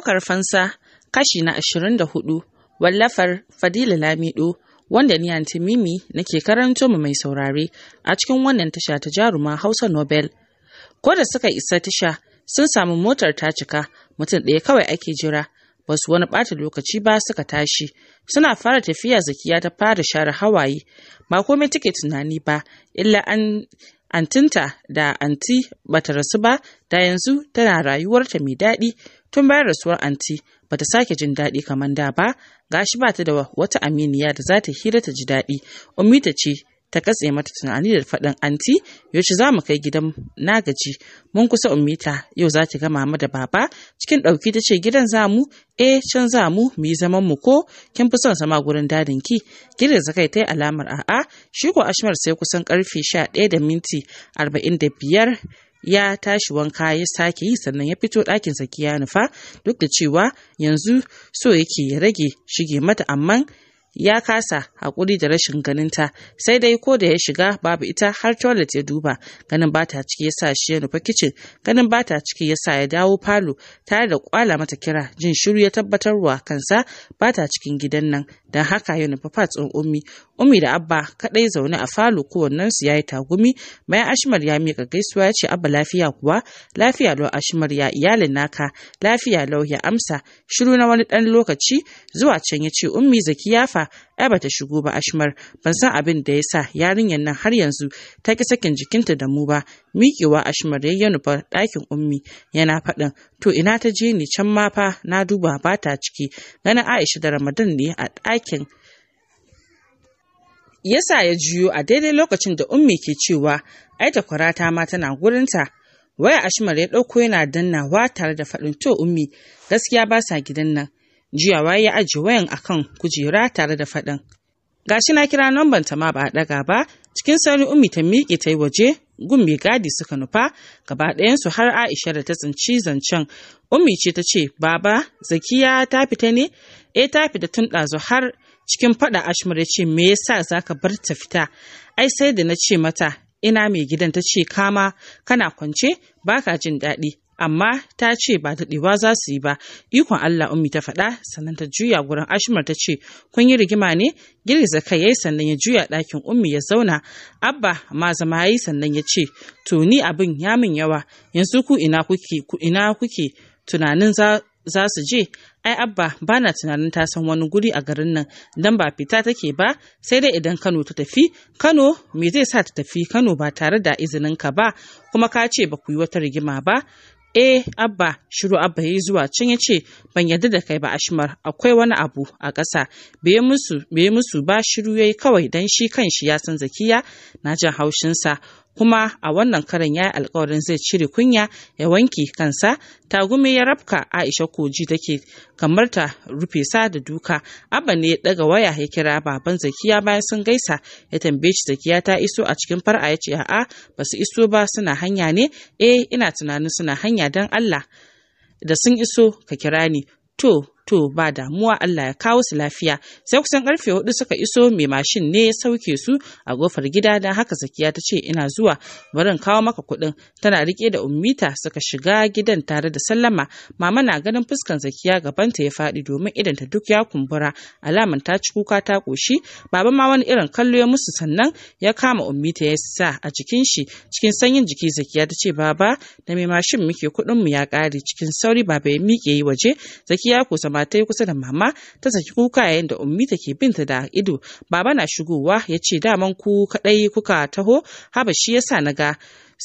ɗaukar fansa kashi na ashirin da hudu, wallafar Fadila Lamido wanda ni Anti Mimi nake karanto mu mai saurare a cikin wannan tasha ta jaruma Hausa Nobel. Ko da suka isa tasha sun samu motar ta cika mutum ɗaya kawai ake jira ba wani ɓata lokaci ba suka tashi suna fara tafiya zakiya ta fara share hawaye ba komai take tunani ba illa an antinta da anti bata rasu ba da yanzu tana rayuwarta mai daɗi tun bayan rasuwar anti bata sake jin daɗi kamar da ba gashi ba ta da wata aminiya da za ta hira ta ji daɗi ummi ta ce ta katse mata tunani da faɗin anti yaushe za mu kai gidan na gaji mun kusa ummita yau za ta ga mama da baba cikin ɗauki ta ce gidan za mu eh can za mu mu yi zaman mu ko kin fi son sama gurin dadin ki gidan zakai ta yi alamar a'a shi ko ashmar sai kusan karfe sha ɗaya da minti arba'in da biyar ya tashi wanka ya sake yi sannan ya fito ɗakin saki ya nufa duk da cewa yanzu so yake ya rage shige mata amma ya kasa haƙuri da rashin ganinta sai dai ko da ya shiga babu ita har toilet ya duba ganin bata ciki ya sa shi ya nufa kicin ganin bata ciki yasa ya dawo falo tare da kwala mata kira jin shiru ya tabbatarwa kansa bata cikin gidan nan don haka ya nufa fa ummi Umi da Abba kaɗai zaune a falo kowannensu ya yi tagumi bayan Ashmar ya miƙa gaisuwa ya ce Abba lafiya kuwa lafiya lau Ashmar ya iyalin naka lafiya lau ya amsa shiru na wani ɗan lokaci zuwa can ya ce Ummi Zakiya fa ai bata shigo ba Ashmar ban san abin da ya sa yarinyar nan har yanzu ta ki sakin jikinta da mu ba miƙewa Ashmar ya nufa ɗakin Ummi yana faɗin to ina ta je ni can ma fa na duba ba ta ciki ganin Aisha da Ramadan ne a ɗakin yasa ya juyo a daidai lokacin da ummi ke cewa ai ta kwarata ma tana gurinta waya ashmar ya ɗauko yana dannawa tare da faɗin to ummi gaskiya ba sa gidan nan Jiya waya ya ajiye wayan akan kujera tare da faɗin gashi na kira namban ta ma ba a ɗaga ba cikin sauri ummi ta miƙe ta yi waje gun mai gadi suka nufa gaba ɗayansu har aisha da ta tsinci zancen ummi ce ta ce baba zakiya ta fita ne eh ta fita tun ɗazu har cikin faɗa ashmar ya ce me yasa zaka bar ta fita ai sai da na ce mata ina mai gidan ta ce kama kana kwance baka jin daɗi amma ta ce ba daɗewa za su yi ba ikon Allah ummi ta faɗa sannan ta juya gurin ashmar ta ce kun yi rigima ne girgiza kai yayi sannan ya juya ɗakin ummi ya zauna abba ma zama yayi sannan ya ce to ni abin ya min yawa yanzu ku ina kuke tunanin za su je ai abba ba na tunanin ta san wani guri a garin nan dan ba fita take ba sai dai idan kano ta tafi kano me zai sa ta tafi kano ba tare da izinin ka ba kuma ka ce ba ku yi wata rigima ba E, abba shiru abba ya zuwa can ya ce ban yarda da kai ba ashmar akwai wani abu a ƙasa bai musu ba shiru yayi kawai dan shi shi ya san zakiya na jin haushinsa kuma a wannan karan ya yi alkawarin zai cire kunya ya wanke kansa tagumi ya rafka aisha koji take kamar ta rufe sa da duka abba ne ya daga waya ya kira baban zakiya bayan sun gaisa ya tambaye shi zakiya ta iso a cikin far'a ya ce a'a ba su iso ba suna hanya ne eh ina tunanin suna hanya don allah da sun iso ka kira ni to to ba damuwa Allah ya kawo su lafiya sai kusan karfe hudu suka iso mai mashin ne ya sauke su a gofar gida don haka Zakiya ta ce ina zuwa barin kawo maka kuɗin tana rike da ummita suka shiga gidan tare da sallama mama na ganin fuskan Zakiya gaban gabanta ya faɗi domin idan ta duk ya kumbura alaman ta ci kuka ta koshi baba ma wani irin kallo ya musu sannan ya kama ummita ya sa a jikin shi cikin sanyin jiki zakiya ta ce baba da mai mashin muke kuɗin mu ya kare. cikin sauri baba ya mike yi waje zakiya ko sama amma ta yi kusa da mama ta saki kuka yayin da ummi take binta da ido baba na shigowa ya ce daman ku kaɗai kuka taho haba shi yasa na ga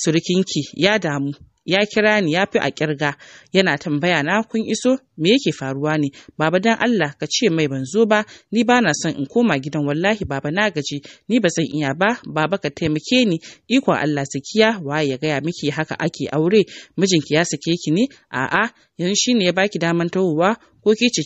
surukinki ya damu ya kira ni ya fi a kirga yana tambaya na kun iso me yake faruwa ne baba dan Allah ka ce mai ban zo ba ni ba na son in koma gidan wallahi baba na gaji ni ba zan iya ba baba ka taimake ni ikon Allah sakiya waye ya gaya miki haka ake aure mijinki ya sake ki ne a'a yanzu shine ya baki daman tawowa ko ki ce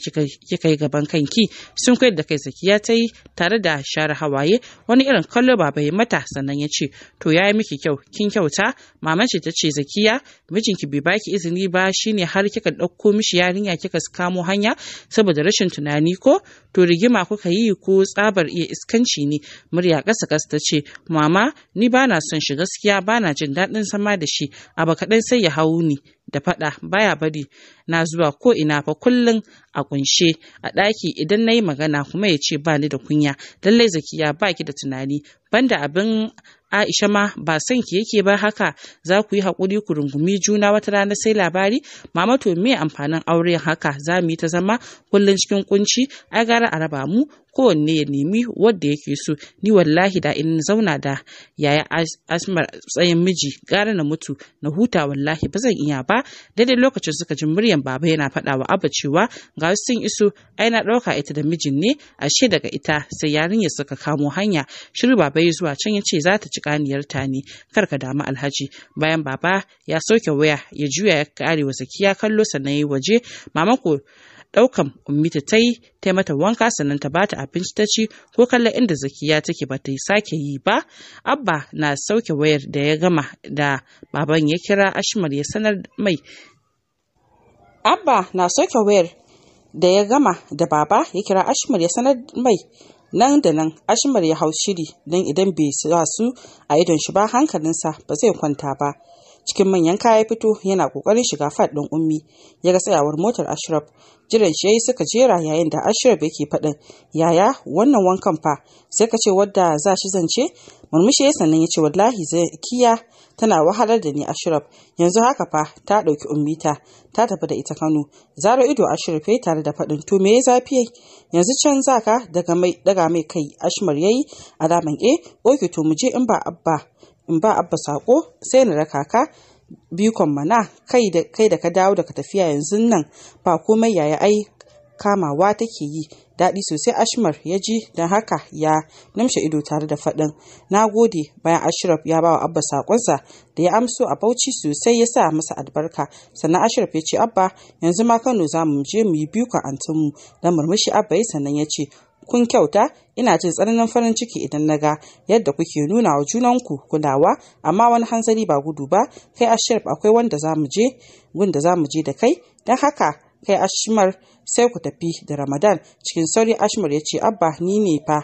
kika yi gaban kanki sun koyar da kai zakiya ta yi tare da share hawaye wani irin kallo ba ya mata sannan ya ce to ya yi miki kyau kin kyauta maman shi ta ce zakiya mijinki bai baki izini ba shine har kika ɗauko mishi yarinya kika kamo hanya saboda rashin tunani ko to rigima kuka yi ko tsabar iya iskanci ne murya ƙasa ƙasa ta ce mama ni bana son shi gaskiya bana jin daɗin sama da shi abu kaɗan sai ya hau ni da faɗa baya bari na zuwa ko ina fa kullun a kunshe a ɗaki idan nayi magana kuma ya ce bani da kunya lallai zakiya baki da tunani banda abin Aisha ma ba son ki yake ba haka za ku yi haƙuri ku rungumi juna wata rana sai labari mama to me amfanin aure haka za mu yi ta zama kullun cikin kunci ai gara a raba mu kowanne ya nemi wadda yake so ni wallahi da in zauna da yaya asmar tsayin miji gara na mutu na huta wallahi ba zan iya ba daidai lokacin suka ji muryan baba yana faɗa wa abba cewa ga sun iso ai na ɗauka ita da mijin ne ashe daga ita sai yarinyar suka kamo hanya shiru baba ya zuwa can ya ce za ta ci kaniyar ta ne kar ka damu alhaji bayan baba ya soke waya ya juya ya kare wa zakiya kallo sannan ya waje mamako Daukan ummita ta yi ta mata wanka sannan ta bata abinci ta ci ko kallon inda zakiya take ba ta sake yi ba abba na sauke wayar da ya gama da baban ya kira ashmar ya sanar mai abba na sauke wayar da ya gama da baba ya kira ashmar ya sanar mai nan da nan ashmar ya hau shiri don idan bai sa su a idon shi ba hankalinsa ba zai kwanta ba cikin manyan kaya fito yana kokarin shiga fad ɗin ummi ya ga tsayawar motar ashraf jiran shi suka jera yayin da ashraf yake faɗin yaya wannan wankan fa sai ka ce wadda za shi zance murmushi ya sannan ya ce wallahi zakiya tana wahalar da ni ashirar yanzu haka fa ta ɗauki ummita ta tafi da ita kano zaro ido ashirar ya tare da faɗin to me ya zafi yanzu can zaka daga mai daga mai kai ashmar yayi alaman e eh, oke to mu je in ba abba in ba abba sako sai na raka ka bikon mana kai da kai da ka dawo daga tafiya yanzu nan ba komai yaya ai kamawa take yi daɗi sosai ashmar ya ji don haka ya namshe ido tare da faɗin na gode bayan ashraf ya ba wa abba saƙonsa da ya amso a bauchi sosai ya sa masa albarka sannan ashraf ya ce abba yanzu ma kano za mu je mu yi bikon antinmu da murmushi abba ya sannan ya ce kun kyauta ina jin tsananin farin ciki idan na ga yadda kuke nuna wa junanku kulawa amma wani hanzari ba gudu ba kai ashirf akwai wanda da za mu je da kai don haka kai ashmar sai ku tafi da ramadan cikin sauri ashmar ya ce abba ni ne fa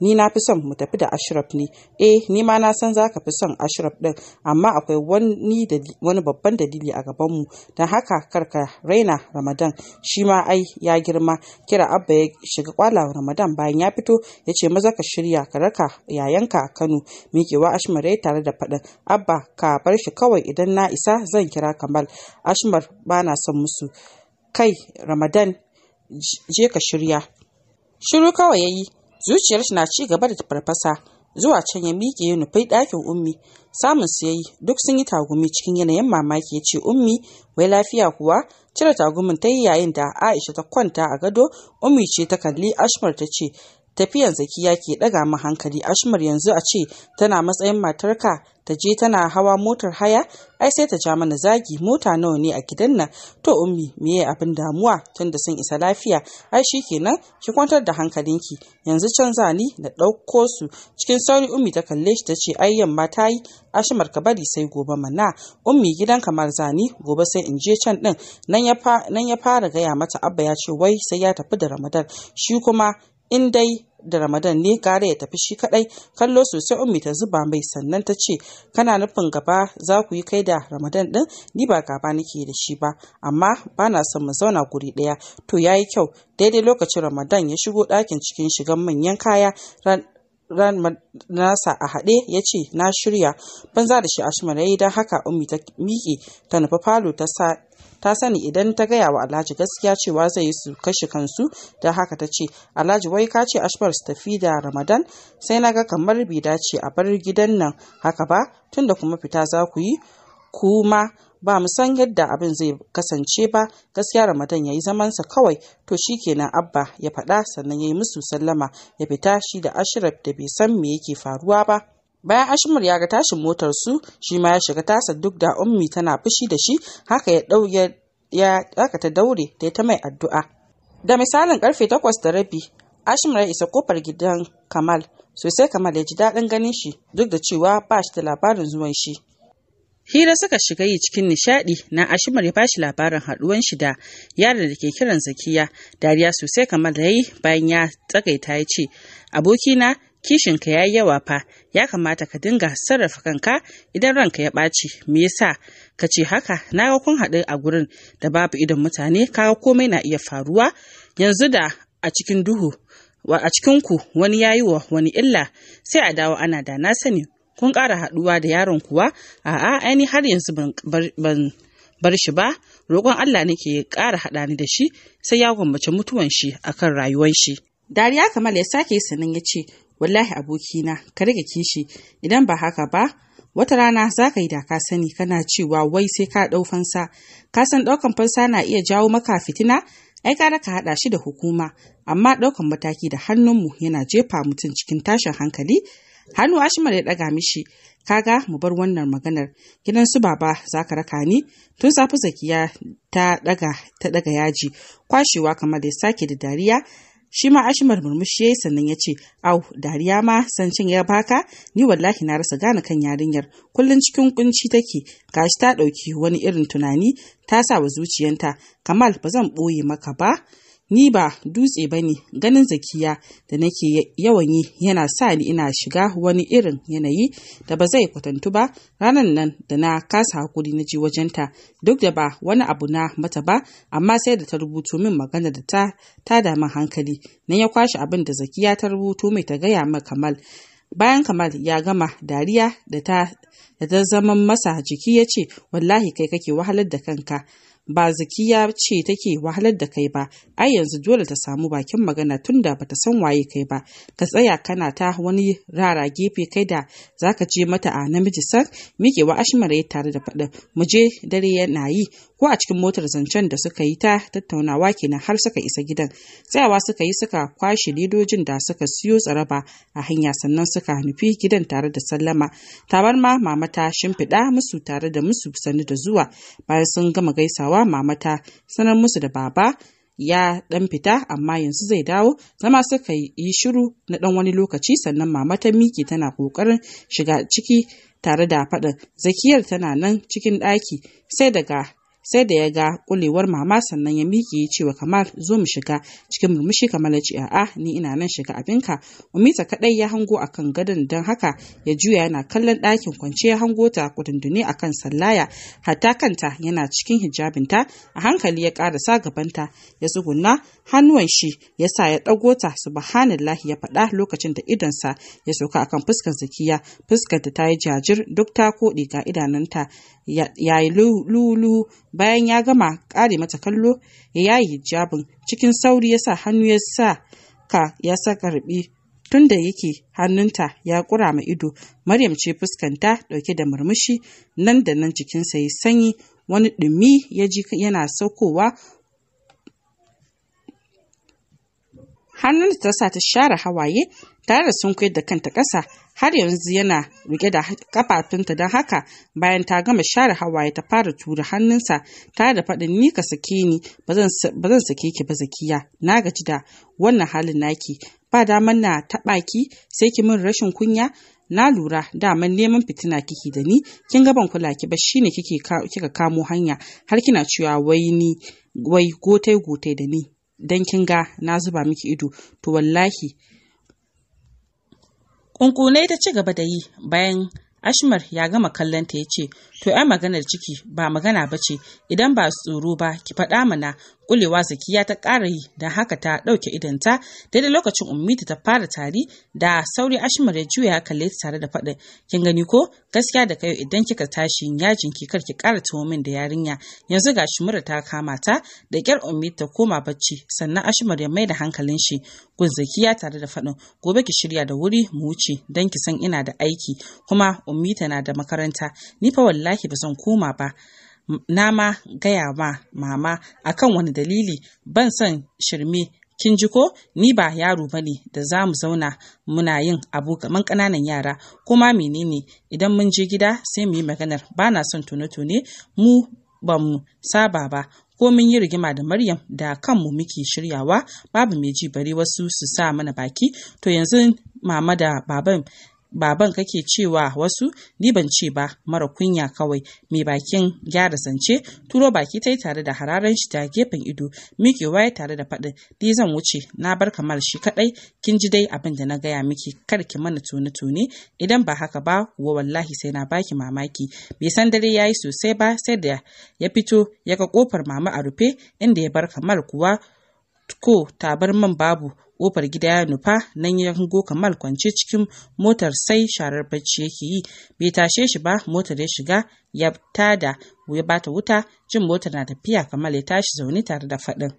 ni na fi son mu tafi da ashraf ne eh ni ma na san za ka fi son ashraf din amma akwai wani wani babban dalili a gaban mu. don haka karka raina ramadan shi ma ai ya girma kira abba ya shiga kwala ramadan bayan ya fito ya ce maza ka shirya ka raka yayanka a kano miƙewa ashmar ya tare da faɗin abba ka bar shi kawai idan na isa zan kira kamal ashmar ba na son musu kai ramadan je ka shirya shiru kawai ya yi zuciyar na ci gaba da farfasa zuwa can ya miƙe ya nufi ɗakin ummi samun su yi duk sun yi tagumi cikin yanayin mamaki ya ce ummi wai lafiya kuwa cire tagumin ta yi yayin da aisha ta kwanta a gado ummi ce ta kalli ashmar ta ce Tafiyar Zakiya ke ɗaga mu hankali Ashmar yanzu a ce tana matsayin matarka ta je tana hawa motar haya ai sai ta ja mana zagi mota nawa ne a gidan nan to ummi meye abin damuwa tun da sun isa lafiya ai kenan, ki kwantar da hankalinki yanzu can ni na ɗauko su cikin sauri ummi ta kalle shi ta ce ai yamma ta yi ashimar ka bari sai gobe mana ummi gidan kamar zani gobe sai in je can din nan ya fara gaya mata abba ya ce wai sai ya tafi da ramadan shi kuma in dai da ramadan ne gara ya tafi shi kadai kallo sosai ummi ta zuba mai sannan ta ce kana nufin gaba za ku yi kai da ramadan din ni ba gaba nake da shi ba amma ba na son mu zauna guri daya to yayi kyau daidai lokacin ramadan ya shigo ɗakin cikin shigan manyan kaya ran nasa a haɗe ya ce na shirya banza da shi ashman ya yi don haka umi ta miƙe ta nufi falo ta sa ta sani idan ta gaya wa alhaji gaskiya cewa zai yi su kashe kansu da haka ta ce alhaji wai ka ce ashbar su tafi da ramadan sai na ga kamar bai dace a bar gidan nan haka ba tunda kuma fita za ku yi kuma ba mu san yadda abin zai kasance ba gaskiya ramadan ya yi zamansa kawai to shi kenan abba ya faɗa sannan ya yi musu sallama ya fita shi da ashraf da bai san me yake faruwa ba bayan ashmur ya ga tashin motar su shi ma ya shiga tasa duk da ummi tana fushi da shi haka ya dau ya haka ta daure ta ta mai addu'a da misalin karfe takwas da rabi ashmur ya isa kofar gidan kamal sosai kamal ya ji daɗin ganin shi duk da cewa ba shi da labarin zuwan shi hira suka shiga yi cikin nishadi na ashimar ya bashi labarin haduwan shi da yaron da ke kiran zakiya dariya sosai kamar da yi bayan ya tsagaita ya ce abokina kishinka ya yi yawa fa ya kamata ka dinga sarrafa kanka idan ranka ya ɓaci me yasa ka ce haka na ga kun haɗu a gurin da babu idon mutane kaga komai na iya faruwa yanzu da a cikin duhu a cikinku wani ya wa wani illa sai a dawo ana da na sani kun ƙara haɗuwa da yaron kuwa a'a aini har yanzu ban bar shi ba roƙon Allah nake ya ƙara haɗa ni da shi sai ya gwammace mutuwan shi akan rayuwar shi dariya kamal ya sake sanin ya ce wallahi abokina ka rage kishi idan ba haka ba wata rana za ka yi da ka sani kana cewa wai sai ka ɗau fansa ka san ɗaukan fansa na iya jawo maka fitina ai ka haɗa shi da hukuma amma ɗaukan mataki da hannunmu yana jefa mutum cikin tashin hankali hannu ashimar ya ɗaga mishi kaga mu bar wannan maganar gidan su baba za ka raka ni tun safi zakiya ta ɗaga yaji kwashewa kamar da sake da dariya shi ma ashimar murmushi yayi sannan ya ce au dariya ma sancin ya baka ni wallahi na rasa gane kan yarinyar kullum cikin kunci take gashi ta ɗauki wani irin tunani ta sa wa zuciyanta kamal ba zan ɓoye maka ba ni ba dutse ba ne ganin zakiya da nake yawan yi yana sa ni ina shiga wani irin yanayi da ba zai kwatantu ba ranar nan da na kasa hakuri na ji wajenta duk da ba wani abu na mata ba amma sai da ta rubuto min magana da ta ta dama hankali nan ya kwashe abin da zakiya ta rubuto mai ta gaya ma kamal bayan kamal ya gama dariya da ta zama masa jiki ya ce wallahi kai kake wahalar da kanka ba zakiya ce take wahalar da kai ba ai yanzu dole ta samu bakin magana tunda bata san waye kai ba ka tsaya kana ta wani rara gefe kai da zaka je mata a namiji san wa ashmara ya tare da faɗin mu je dare yana yi ko a cikin motar zancen da suka yi ta tattaunawa kenan har suka isa gidan tsayawa suka yi suka kwashe ledojin da suka siyo tsaraba a hanya sannan suka nufi gidan tare da sallama tabar ma mamata shimfiɗa musu tare da musu sanu da zuwa bayan sun gama gaisawa mamata sanar musu da baba ya ɗan fita amma yanzu zai dawo zama suka yi shiru na ɗan wani lokaci sannan mama ta miki tana ƙoƙarin shiga ciki tare da faɗin zakiyar tana nan cikin ɗaki sai daga sai da ya ga kulewar mama sannan ya miƙe ya cewa kamar kamal zo mu shiga cikin murmushi kamar ya ce a'a ni ina nan shiga abinka umita kadai ya hango akan gadon don haka ya juya yana kallon ɗakin kwance ya hango ta kudundune akan sallaya hatta kanta yana cikin hijabinta a hankali ya karasa gabanta ya tsugunna hannuwan shi ya sa ya ɗago ta subhanallahi ya faɗa lokacin da idonsa ya sauka akan fuskar zakiya fuskar ta ta yi jajir duk ta koɗe ga idanunta ya yi lulu bayan ya gama kare mata kallo ya yayi hijabin cikin sauri ya sa hannu ya sa ka ya sa karbi tun da yake hannunta ya ƙura ma ido maryam ce fuskanta dauke da murmushi nan da nan jikinsa ya sanyi wani ɗumi ya ji yana saukowa hannun da ta sa ta share hawaye tare da sun da kanta ƙasa har yanzu yana rike da kafafunta don haka bayan ta gama share hawaye ta fara tura hannunsa tare da faɗin ni ka sake ni ba zan sake ki ba zakiya na gaji da wannan halin naki ba daman na taɓa ki sai ki min rashin kunya na lura daman neman fitina kiki da ni kin ga ban kula ki ba shine kika kamo hanya har kina cewa wai ni wai gotai gotai da ni dan kin ga na zuba miki ido to wallahi ƙunƙunai ta ci gaba da yi bayan ashmar ya gama kallon ta ya ce To ai maganar ciki ba magana ba ce idan ba tsoro ba ki faɗa mana kulewa zakiya ta ƙara yi da haka ta ɗauke idanta daidai lokacin ummita ta fara tari da sauri ashmar ya juya kalle tare da faɗin kin gani ko gaskiya da kai idan kika tashi yajin ki kar ki ƙara tuwo min da yarinya yanzu ga mura ta kama ta da kyar ummita ta koma bacci sannan ashmar ya mai da hankalin shi gun zakiya tare da faɗin gobe ki shirya da wuri mu wuce don ki san ina da aiki kuma ummita na da makaranta ni fa wallahi zaki ba zan koma ba na ma gaya ma mama akan wani dalili ban son shirme kin ji ko ni ba yaro bane da za mu zauna muna yin abu kaman ƙananan yara kuma menene idan mun je gida sai mu yi maganar ba na son tone-tone mu ba mu saba ba ko mun yi rigima da Maryam da kanmu muke shiryawa babu mai ji bari wasu su sa mana baki to yanzu mama da baban baban kake cewa wasu ni ban ce ba mara kunya kawai mai bakin gyara zance turo baki tai tare da hararan shi ta gefen ido miƙewa ya tare da faɗin ni zan wuce na bar kamar shi kaɗai kin ji dai abin da na gaya miki kar ki mana tuni tuni idan ba haka ba wa wallahi sai na baki mamaki bai san dare yayi sosai ba sai da ya fito ya ga kofar mama a rufe inda ya bar kamar kuwa ko man babu kofar gida ya nufa nan ya hango kamal kwance cikin motar sai sharar bacci yake yi bai tashe shi ba motar ya shiga ya tada ya bata wuta jin motar na tafiya kamal ya tashi zaune tare da faɗin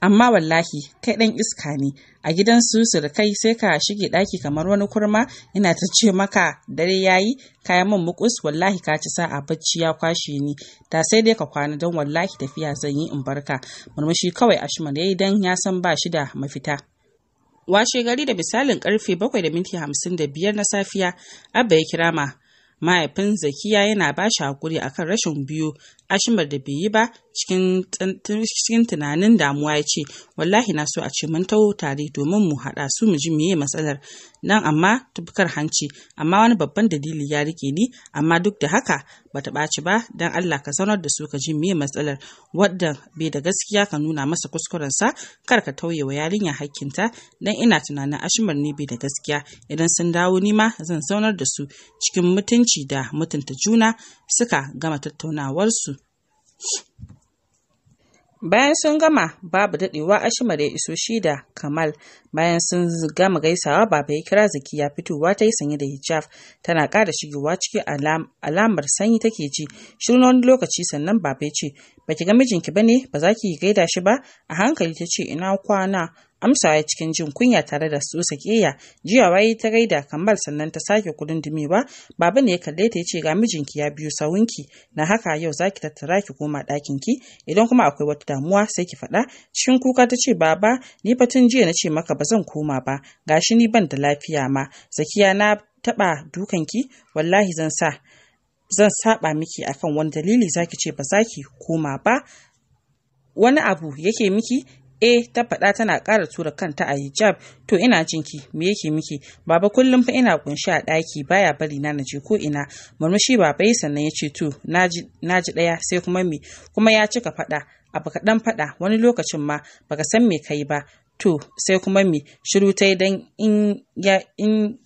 amma wallahi kai ɗan iska ne a gidan su kai sai ka shige ɗaki kamar wani kurma ina ta ce maka dare yayi kayan man mukus wallahi ka ci sa'a bacci ya kwashe ni da sai dai ka kwana don wallahi tafiya zan yi in barka murmushi kawai ashman yayi dan ya san ba shi da mafita washe gari da misalin karfe bakwai da minti biyar na safiya abba ya kira ma mahaifin zakiya yana ba shi hakuri akan rashin biyu ashimar da bai yi ba cikin tunanin damuwa ya ce wallahi na so a ce mun taho tare domin mu haɗa su mu ji meye matsalar nan amma tufkar hanci amma wani babban dalili ya rike ni amma duk da haka bata ɓaci ba dan Allah ka sanar da su ka ji meye matsalar wadda bai da gaskiya ka nuna masa kuskurensa kar ka tauye wa yarinya hakkinta dan ina tunanin ashimar ne bai da gaskiya idan sun dawo ni ma zan sanar da su cikin mutunci da mutunta juna suka gama tattaunawarsu. Bayan sun gama babu daɗewa Ashima da ya iso shi da Kamal bayan sun gama gaisawa baba ya kira zaki ya fitowa ta yi sanye da hijab tana ƙara shigowa cikin alamar sanyi take ji shirin wani lokaci sannan baba ya ce baki ga mijinki bane ba za ki gaida shi ba a hankali ta ce ina kwana amsawa cikin jin kunya tare da su sakeya jiya waye ta gaida kamar sannan ta sake kudin ba? baba ne ya kalle ta yace ga mijinki ya biyo sawunki na haka yau zaki tattara ki koma ɗakin ki idan kuma akwai wata damuwa sai ki faɗa cikin kuka ta ce baba ni fa tun jiya na ce maka ba zan koma ba gashi ni ban da lafiya ma zakiya na taɓa dukanki wallahi zan sa zan saba miki akan wani dalili zaki ce ba zaki koma ba wani abu yake miki eh ta faɗa tana ƙara tura kanta a hijab to ina jinki me yake miki baba kullum fa ina kunshi a ɗaki baya bari na naje ko ina murmushi baba yi sannan ya ce to naji ɗaya sai kuma me kuma ya cika faɗa a baka ɗan faɗa wani lokacin ma baka san me kai ba to sai kuma me shiru ta yi dan in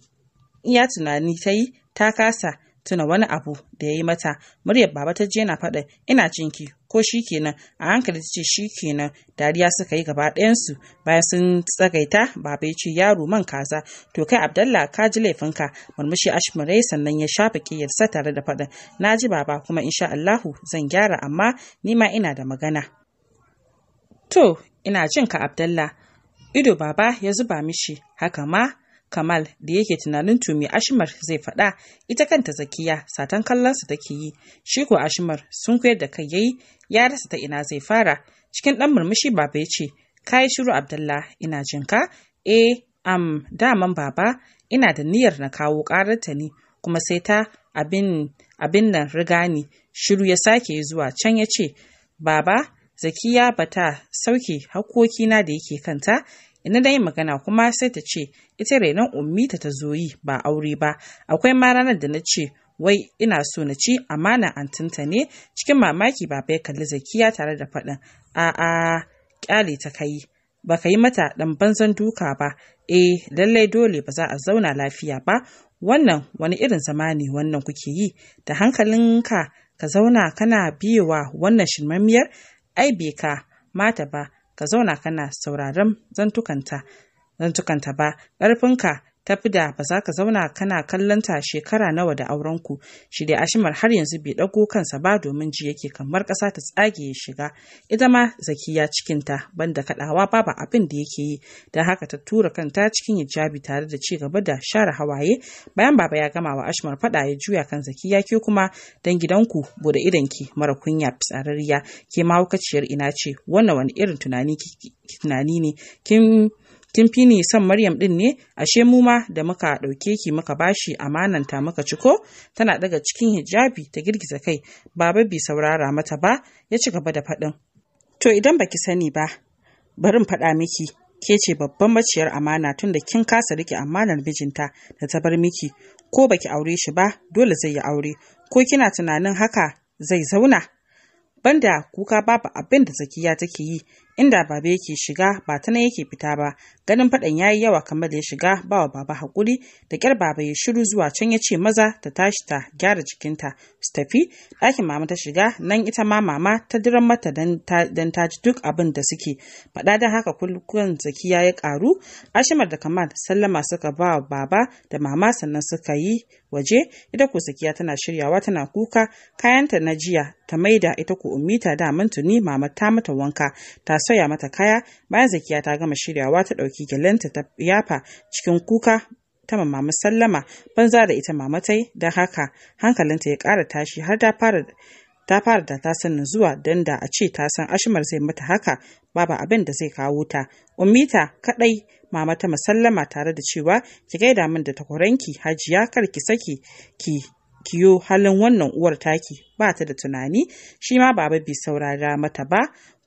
ya tunani ta yi ta kasa tuna wani abu da ya yi mata muryar baba ta je yana faɗa ina jinki ko shi kenan a hankali ta ce shi kenan dariya suka yi gaba ɗayansu bayan sun tsagaita baba ya ce yaro man kaza to kai abdalla ka ji laifinka murmushi ashmurai sannan ya shafa ƙiyarsa tare da faɗa na ji baba kuma insha allahu zan gyara amma ni ma ina da magana to ina jin ka abdalla ido baba ya zuba mishi haka ma Kamal da yake tunanin tumi Ashimar zai faɗa ita kanta zakiya satan kallonsa take yi shi ko Ashmar sun koyar da kai yayi ya rasa ta ina zai fara cikin ɗan murmushi baba ya ce kai shiru Abdullah ina jinka eh am daman baba ina da niyyar na kawo ta ne kuma sai ta abin abin nan riga ni shiru ya sake zuwa can ya ce baba zakiya bata sauke hakokina da yake kanta ina da yin magana kuma sai ta ce ita renon ummi ta zo yi ba aure ba akwai ma ranar da na ce wai ina so na ci amana antinta ne cikin mamaki baba ya kalli zakiya tare da faɗin a'a kyale ta kai ba ka yi mata ɗan banzan duka ba eh lallai dole ba za a zauna lafiya ba wannan wani irin zama ne wannan kuke yi da hankalinka ka zauna kana biyewa wannan shirmammiyar ai bai ka mata ba ka zauna kana sauraron zantukanta zantukanta ba ƙarfinka tafi da ba za ka zauna kana kallonta shekara nawa da aurenku shi dai ashimar har yanzu bai ɗago kansa ba domin ji yake kamar ƙasa ta tsage ya shiga ita ma zakiya cikinta banda kaɗawa babu abin da yake yi don haka ta tura kanta cikin hijabi tare da ci gaba da share hawaye bayan baba ya gama wa ashimar faɗa ya juya kan zakiya ke kuma dan gidanku bude ki mara kunya fitsararriya ke mahaukaciyar ina ce wannan wani irin tunani ne kin kin fi ni son Maryam din ne ashe mu ma da muka ɗauke ki muka bashi amananta muka ciko tana daga cikin hijabi ta girgiza kai baba bai saurara mata ba ya ci gaba da faɗin to idan baki sani ba barin faɗa miki ke ce babban maciyar amana tun da kin kasa rike amanar mijinta da ta bar miki ko baki aure shi ba dole zai yi aure ko kina tunanin haka zai zauna banda kuka babu abin da zakiya take yi inda baba yake shiga ba ta nan yake fita ba ganin faɗan yayi yawa kamar ya shiga ba wa baba hakuri da kyar baba ya shiru zuwa can ya ce maza ta tashi ta gyara jikinta su tafi ɗakin mama ta shiga nan ita ma mama ta diran mata dan ta ji duk abin da suke faɗa don haka kulkuwan zakiya ya ƙaru ashimar da kamal sallama suka ba wa baba da mama sannan suka yi waje ita ko sakiya tana shiryawa tana kuka kayanta na jiya ta maida ita ko ummi ta da tuni mama ta mata wanka ta sauya mata kaya bayan zakiya ta gama shiryawa ta ɗauki gyalanta ta yafa cikin kuka ta mama sallama banza da ita mama tai don haka hankalinta ya ƙara tashi har ta fara ta fara da ta sanin zuwa don da a ce ta san ashimar zai mata haka babu abin da zai kawo ta ummita kaɗai, mama ta musallama tare da cewa ki gaida min da takwaranki hajiya kar ki saki ki kiyo halin wannan uwar taki ba ta da tunani shi ma baba bai saurara mata ba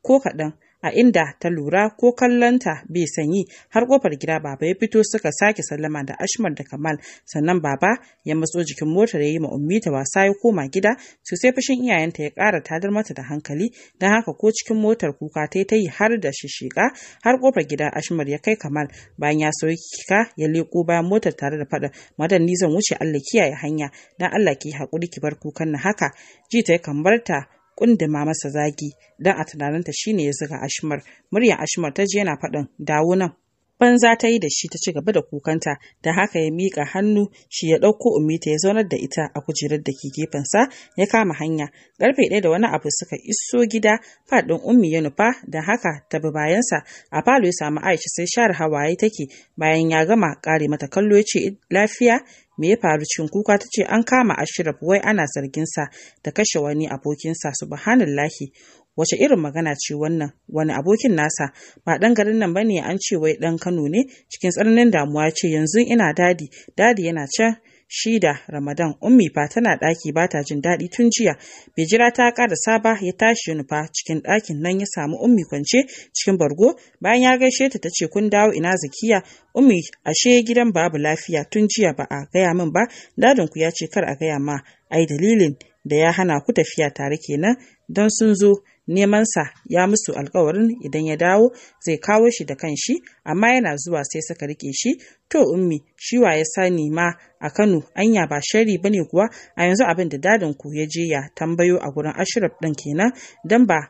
ko kaɗan a inda ta lura ko kallonta bai sanyi har kofar gida baba ya fito suka sake sallama da Ashmar da Kamal sannan baba ya matso jikin motar ya yi ma ummi ta wasa ya koma gida sosai fashin iyayenta ya ƙara tadar mata da hankali don haka ko cikin motar kuka ta ta yi har da shishika. har kofar gida Ashmar ya kai Kamal bayan ya sauki kika ya leko bayan motar tare da faɗa madan ni zan wuce Allah kiyaye hanya dan Allah ki haƙuri ki bar kukan na haka ji ta kambarta kundima masa zagi don a tunaninta shine ya zuga ashmar muryar ashmar ta ji yana faɗin dawo nan banza ta yi da shi ta ci gaba da kukanta da haka ya miƙa hannu shi ya ɗauko umita ya zaunar da ita a kujerar da ke gefensa ya kama hanya ƙarfe ɗaya da wani abu suka iso gida faɗin ummi ya nufa da haka ta bi bayansa a falo ya samu aisha sai share hawaye take bayan ya gama ƙare mata kallo ya ce lafiya me ya faru cikin kuka ta ce an kama ashraf wai ana zarginsa da kashe wani abokinsa subhanallahi wace irin magana ce wannan wani abokin nasa ba dan garin nan bane an ce wai dan kano ne cikin tsananin damuwa ce yanzu ina dadi dadi yana can shida Ramadan Ummi fa tana ɗaki ba ta jin daɗi tun jiya. Bai jira ta ƙara saba ya tashi nufa cikin ɗakin nan ya samu Ummi kwance cikin bargo bayan ya gaishe ta tace kun dawo ina zakiya Ummi ashe gidan babu lafiya tun jiya ba a gaya min ba dadinku ya ce kar a gaya ma ai dalilin da ya hana ku tafiya tare kenan don sun zo nemansa ya musu alkawarin idan ya dawo zai kawo shi da kanshi amma yana zuwa sai suka rike shi to ummi shi wa ya sani ma a Kano anya ba shari bane kuwa a yanzu abin da dadin ku ya je ya tambayo a gurin Ashraf din kenan dan ba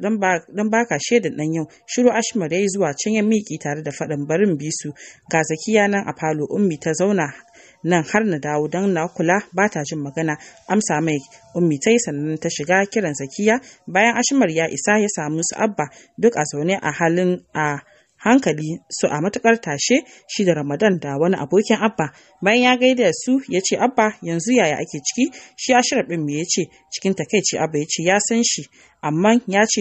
don ba ka shaidan dan yau shiru ashmar ya yi zuwa can ya miki tare da faɗin barin bisu ga zakiya nan a falo ummi ta zauna nan har na dawo don na kula ba ta jin magana amsa mai ummi ta sannan ta shiga kiran sakiya bayan ashimar ya isa ya samu su abba duk a zaune a halin a hankali su a matukar tashe shi da ramadan da wani abokin abba bayan ya gaida su ya ce abba yanzu yaya ake ciki shi ya shirar ɗin ya ce cikin takaici abba ya ce ya san shi amma ya ce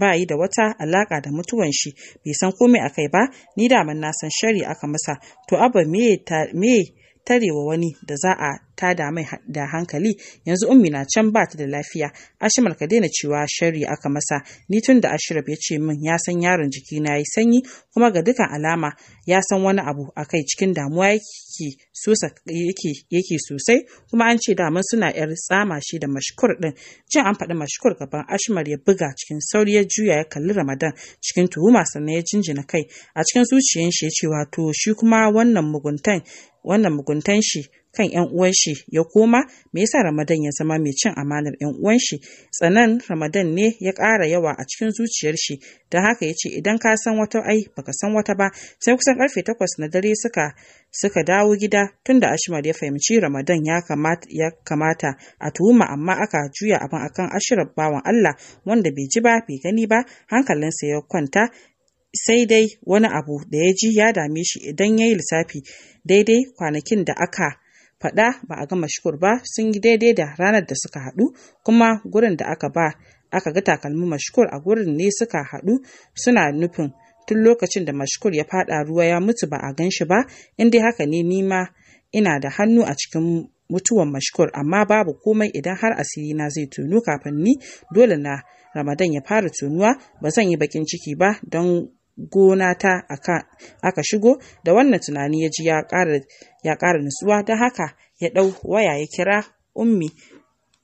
ba yi da wata alaka da mutuwan shi bai san komai a kai ba ni da na san shari aka masa to abba me tarewa wani da za a tada mai da hankali yanzu ummi na can ba ta da lafiya ashimar ka daina cewa shari aka masa ni tun da ashiraf ya ce min ya san yaron jiki na yi sanyi kuma ga dukan alama ya san wani abu a kai cikin damuwa yake yake sosai kuma an ce daman suna yar tsama shi da mashkur din jin an faɗi mashkur gaban ashimar ya buga cikin sauri ya juya ya kalli ramadan cikin tuhuma sannan ya jinjina kai a cikin zuciyan shi ya ce wato shi kuma wannan muguntan wannan muguntan shi kan 'yan uwan shi ya koma me yasa Ramadan ya zama mai cin amanar 'yan uwan shi tsanan Ramadan ne ya ƙara yawa a cikin zuciyar shi Da haka ya ce idan ka san wata ai baka san wata ba sai kusan karfe takwas na dare suka suka dawo gida tunda ashmar ya fahimci Ramadan ya kamata ya kamata a tuhuma amma aka juya abin akan ashirar bawan Allah wanda bai ji ba bai gani ba hankalinsa ya kwanta sai dai wani abu da ya ji ya dame shi idan ya yi lissafi daidai kwanakin da aka faɗa ba a gama shukur ba sun yi daidai da ranar da suka haɗu kuma gurin da aka ba aka ga takalmin mashkur a gurin ne suka haɗu suna nufin tun lokacin da mashkur ya faɗa ruwa ya mutu ba a gan shi ba in dai haka ne nima ina da hannu a cikin mutuwan mashkur amma babu komai idan har asiri na zai tunu kafin ni dole na ramadan ya fara tunuwa ba zan yi bakin ciki ba don gona ta aka shigo da wannan tunani ya ji ya ƙara nutsuwa ta haka ya ɗau waya ya kira ummi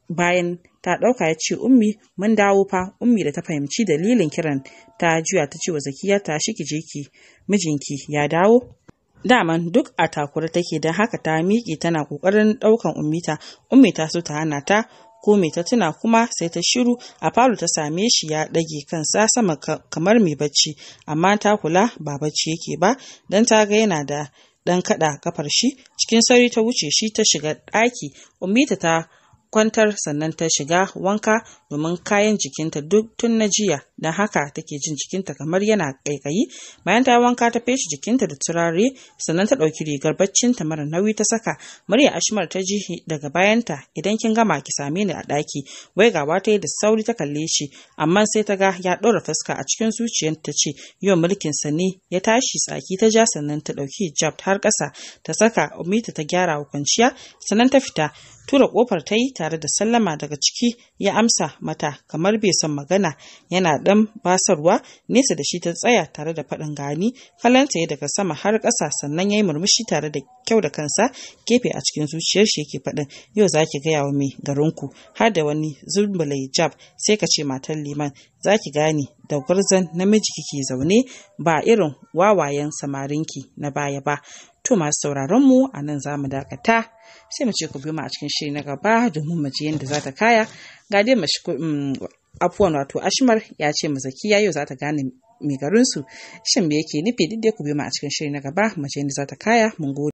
bayan ta ɗauka ya ce ummi mun dawo fa ummi da ta fahimci dalilin kiran ta juya ta ce wa zakiya ta shi ki je ki mijinki ya dawo daman duk a takura take da haka ta miƙe tana ƙoƙarin ɗaukan ummita ummi ta so ta hana ta ko me ta tuna kuma sai ta shiru a falo ta same shi ya ɗage kansa sama kamar mai bacci amma ta kula ba bacci yake ba don ta ga yana da dan kaɗa kafar shi cikin sauri ta wuce shi ta shiga ɗaki umita ta kwantar sannan ta shiga wanka domin kayan jikinta duk tun na jiya don haka take jin jikinta kamar yana kaikayi bayan ta wanka ta feshi jikinta da turare sannan ta ɗauki rigar ta mara nauyi ta saka murya ashmar ta ji daga bayanta idan kin gama ki same ni a ɗaki wai gawa ta yi da sauri ta kalle shi amma sai ta ga ya ɗora fuska a cikin zuciyarta ta ce yau mulkin sa ne ya tashi tsaki ta ja sannan ta ɗauki hijab har ƙasa ta saka umita ta gyara kwanciya sannan ta fita tura kofar ta yi tare da sallama daga ciki ya amsa mata kamar bai son magana yana dan basarwa nesa da shi ta tsaya tare da faɗin gani falanta ya daga sama har ƙasa sannan ya yi murmushi tare da kyau da kansa gefe a cikin zuciyar shi yake faɗin yau za ki gaya wa mai garinku har da wani zumbula hijab sai ka ce matar liman za ki gane da gwarzon namiji kike zaune ba irin wawayen samarinki na baya ba To masu sauraron mu a nan za mu dakata sai mu ce ku bi mu a cikin shiri na gaba domin mu ji yadda za ta kaya. Ga dai mm, afuwan wato Ashmar ya ce mu Zakiya yau za ta gane mai garinsu shin me yake nufi duk dai ku bi mu a cikin shiri na gaba mu je yadda za ta kaya mun gode.